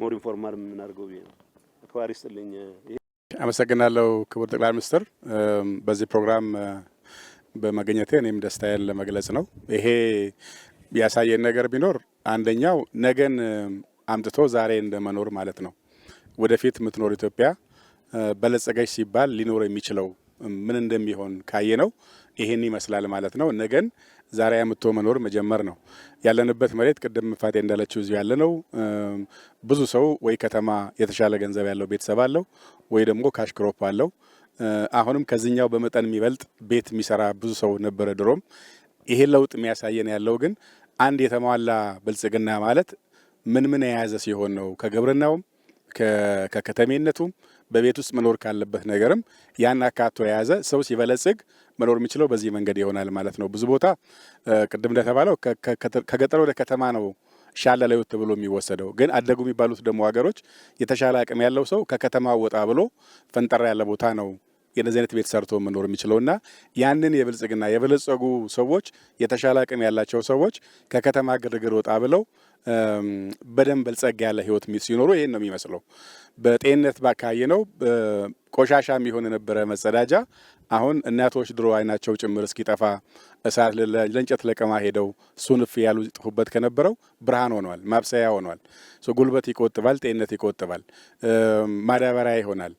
ሞር ኢንፎርማል የምናደርገው ብዬ ነው። አክባሪ ስጥልኝ። አመሰግናለሁ ክቡር ጠቅላይ ሚኒስትር በዚህ ፕሮግራም በመገኘቴ እኔም ደስታዬን ለመግለጽ ነው። ይሄ ያሳየን ነገር ቢኖር አንደኛው ነገን አምጥቶ ዛሬ እንደመኖር ማለት ነው። ወደፊት የምትኖር ኢትዮጵያ በለጸገች ሲባል ሊኖር የሚችለው ምን እንደሚሆን ካየ ነው ይሄን ይመስላል ማለት ነው። ነገን ዛሬ አምቶ መኖር መጀመር ነው። ያለንበት መሬት ቅድም ፋቴ እንዳለችው እዚሁ ያለ ነው። ብዙ ሰው ወይ ከተማ የተሻለ ገንዘብ ያለው ቤተሰብ አለው ወይ ደግሞ ካሽ ክሮፕ አለው። አሁንም ከዚህኛው በመጠን የሚበልጥ ቤት የሚሰራ ብዙ ሰው ነበረ ድሮም። ይሄ ለውጥ የሚያሳየን ያለው ግን አንድ የተሟላ ብልጽግና ማለት ምን ምን የያዘ ሲሆን ነው ከግብርናውም ከከተሜነቱም በቤት ውስጥ መኖር ካለበት ነገርም ያን አካቶ የያዘ ሰው ሲበለጽግ መኖር የሚችለው በዚህ መንገድ ይሆናል ማለት ነው። ብዙ ቦታ ቅድም እንደተባለው ከገጠር ወደ ከተማ ነው ሻለ ለዩት ብሎ የሚወሰደው ግን አደጉ የሚባሉት ደግሞ ሀገሮች የተሻለ አቅም ያለው ሰው ከከተማ ወጣ ብሎ ፈንጠራ ያለ ቦታ ነው የነዚህ አይነት ቤት ሰርቶ መኖር የሚችለው እና ያንን የብልጽግና የበለጸጉ ሰዎች የተሻለ አቅም ያላቸው ሰዎች ከከተማ ግርግር ወጣ ብለው በደንብ በልጸግ ያለ ህይወት ሲኖሩ ይህን ነው የሚመስለው። በጤንነት ባካይ ነው ቆሻሻ የሚሆን የነበረ መጸዳጃ አሁን እናቶች ድሮ አይናቸው ጭምር እስኪጠፋ እሳት ለእንጨት ለቀማ ሄደው ሱንፍ ያሉ ጥፉበት ከነበረው ብርሃን ሆኗል፣ ማብሰያ ሆኗል። ጉልበት ይቆጥባል፣ ጤንነት ይቆጥባል፣ ማዳበሪያ ይሆናል።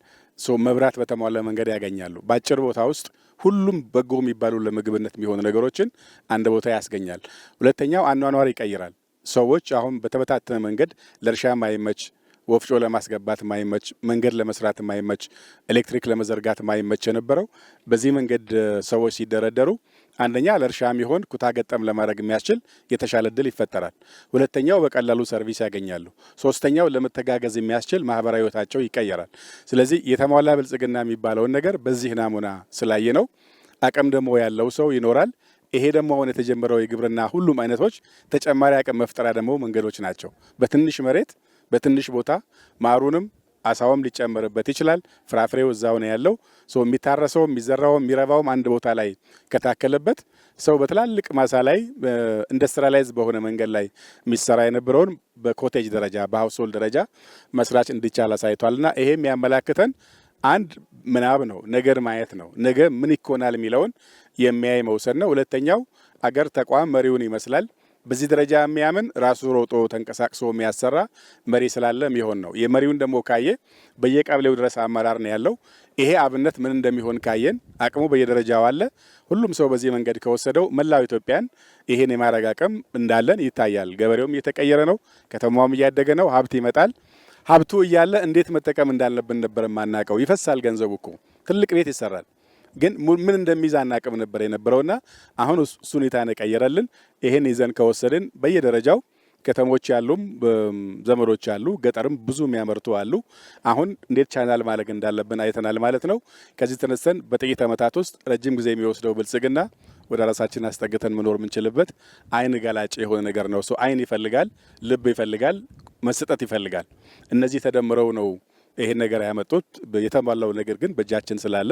መብራት በተሟላ መንገድ ያገኛሉ። በአጭር ቦታ ውስጥ ሁሉም በጎ የሚባሉ ለምግብነት የሚሆኑ ነገሮችን አንድ ቦታ ያስገኛል። ሁለተኛው አኗኗር ይቀይራል። ሰዎች አሁን በተበታተነ መንገድ ለእርሻ ማይመች ወፍጮ ለማስገባት ማይመች መንገድ ለመስራት ማይመች ኤሌክትሪክ ለመዘርጋት ማይመች የነበረው በዚህ መንገድ ሰዎች ሲደረደሩ አንደኛ ለእርሻ የሚሆን ኩታ ገጠም ለማድረግ የሚያስችል የተሻለ እድል ይፈጠራል። ሁለተኛው በቀላሉ ሰርቪስ ያገኛሉ። ሶስተኛው ለመተጋገዝ የሚያስችል ማህበራዊ ህይወታቸው ይቀየራል። ስለዚህ የተሟላ ብልጽግና የሚባለውን ነገር በዚህ ናሙና ስላየ ነው። አቅም ደግሞ ያለው ሰው ይኖራል። ይሄ ደግሞ አሁን የተጀመረው የግብርና ሁሉም አይነቶች ተጨማሪ አቅም መፍጠሪያ ደግሞ መንገዶች ናቸው። በትንሽ መሬት በትንሽ ቦታ ማሩንም አሳውም ሊጨመርበት ይችላል። ፍራፍሬው እዛው ነው ያለው። ሰው የሚታረሰው የሚዘራውም የሚረባውም አንድ ቦታ ላይ ከታከለበት ሰው በትላልቅ ማሳ ላይ ኢንዱስትሪላይዝ በሆነ መንገድ ላይ የሚሰራ የነበረውን በኮቴጅ ደረጃ በሀውስሆልድ ደረጃ መስራች እንዲቻል አሳይቷልና ይሄም ያመላክተን አንድ ምናብ ነው፣ ነገር ማየት ነው። ነገ ምን ይኮናል የሚለውን የሚያይ መውሰድ ነው። ሁለተኛው አገር ተቋም መሪውን ይመስላል። በዚህ ደረጃ የሚያምን ራሱ ሮጦ ተንቀሳቅሶ የሚያሰራ መሪ ስላለ የሚሆን ነው። የመሪውን ደግሞ ካየ በየቀበሌው ድረስ አመራር ነው ያለው። ይሄ አብነት ምን እንደሚሆን ካየን አቅሙ በየደረጃው አለ። ሁሉም ሰው በዚህ መንገድ ከወሰደው መላው ኢትዮጵያን ይሄን የማድረግ አቅም እንዳለን ይታያል። ገበሬውም እየተቀየረ ነው፣ ከተማውም እያደገ ነው። ሀብት ይመጣል። ሀብቱ እያለ እንዴት መጠቀም እንዳለብን ነበር የማናውቀው። ይፈሳል ገንዘቡ እኮ ትልቅ ቤት ይሰራል። ግን ምን እንደሚይዝ አናቅም ነበር የነበረውና አሁን እሱ ሁኔታ የቀየረልን ይህን ይዘን ከወሰድን በየደረጃው ከተሞች ያሉም ዘመዶች አሉ፣ ገጠርም ብዙ የሚያመርቱ አሉ። አሁን እንዴት ቻናል ማለግ እንዳለብን አይተናል ማለት ነው። ከዚህ ተነስተን በጥቂት ዓመታት ውስጥ ረጅም ጊዜ የሚወስደው ብልጽግና ወደ ራሳችን አስጠግተን መኖር የምንችልበት አይን ገላጭ የሆነ ነገር ነው። ሰው አይን ይፈልጋል፣ ልብ ይፈልጋል፣ መሰጠት ይፈልጋል። እነዚህ ተደምረው ነው ይሄን ነገር ያመጡት የተሟላው ነገር ግን በእጃችን ስላለ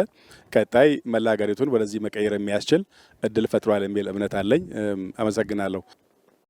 ቀጣይ መላ ሀገሪቱን ወደዚህ መቀየር የሚያስችል እድል ፈጥሯል የሚል እምነት አለኝ። አመሰግናለሁ።